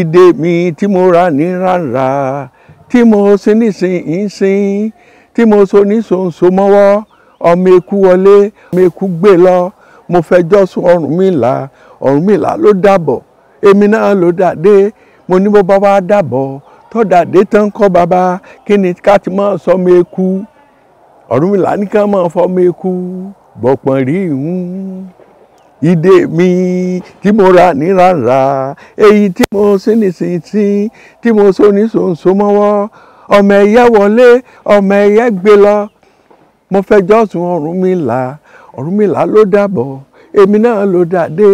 ìdè mi tí mo rà ní ràrà tí mo sin nísinsìnyí tí mo so ní ṣonṣo mọ́wọ́ ọmọ eku wọlé ọmọ eku gbé lọ mo fẹjọ́ sùn Ọ̀rúnmìlà Ọ̀rúnmìlà ló dàbọ̀ èmi náà ló dàdé mo ní bó bá wá dàbọ̀ tó dàdé tán kọ́ bàbá kí ni ká ti máa sọ ọmọ eku Ọ̀rúnmìlà ní ká máa fọ ọmọ eku gbọ̀pọ̀n rí ìhún ìdè mi tí mo rà níràrà èyí tí mo sí nísinsìnyí tí mo so ní ṣòǹṣò mọ́wọ́ ọmọ ẹ̀yẹ wọlé ọmọ ẹ̀yẹ gbé lọ mo fẹjọ́ sùn Ọ̀rúnmìlà Ọ̀rúnmìlà ló dàbọ̀ èmi náà ló dàdé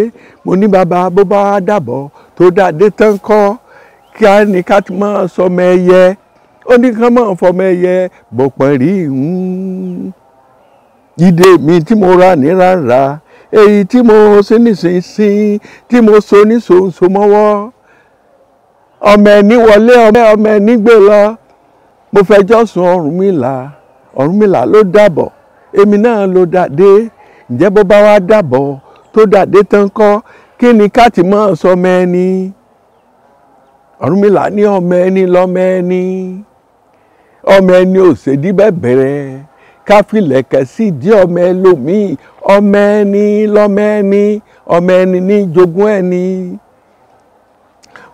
mo ní bàbá bó bá dàbọ̀ tó dàdé tán kọ́ kí á ní ká ti máa sọmọ ẹ̀yẹ ó ní ká máa fọmọ ẹ̀yẹ bọ̀pọ̀ rí ìdè mi tí mo rà níràrà èyí tí mo sí nísinsìnyí tí mo so ní sòǹsò mọ́wọ́ ọmọ ẹni wọlé ọmọ ẹni gbé lọ mo fẹjọ́ sùn Ọ̀rúnmìlà Ọ̀rúnmìlà ló dàbọ̀ èmi náà ló dàdé ǹjẹ́ bó bá wá dàbọ̀ tó dàdé tán kọ́ kí ni káàtì máa sọ ọmọ ẹni Ọ̀rúnmìlà ní ọmọ ẹni lọ́mọ ẹni ọmọ ẹni ò ṣèdí bẹ́ẹ̀ bẹ̀rẹ̀ káfílẹ̀kẹ̀ sí ìdí ọmọ ẹlòmíì ọmọ ẹni lọ́mọ ẹni ọmọ ẹni ní jogún ẹni.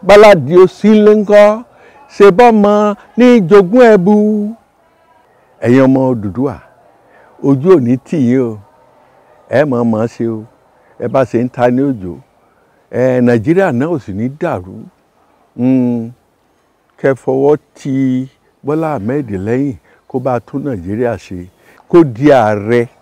báládì òsì ló ń kọ́ ṣe bọ́mọ ní jogún ẹbu. ẹ̀yin ọmọ Odùduwà ojú òní tì yín o ẹ mọ̀ ọ́ mọ̀ ọ́ ṣe o ẹ bá ṣe ń ta ní òjò ẹ Nàìjíríà náà ò sì ní dàrú hmm, kẹ́ ti Bọ́lá Ahmed lẹ́yìn kó bá tún Nàìjíríà ṣe kó di ààrẹ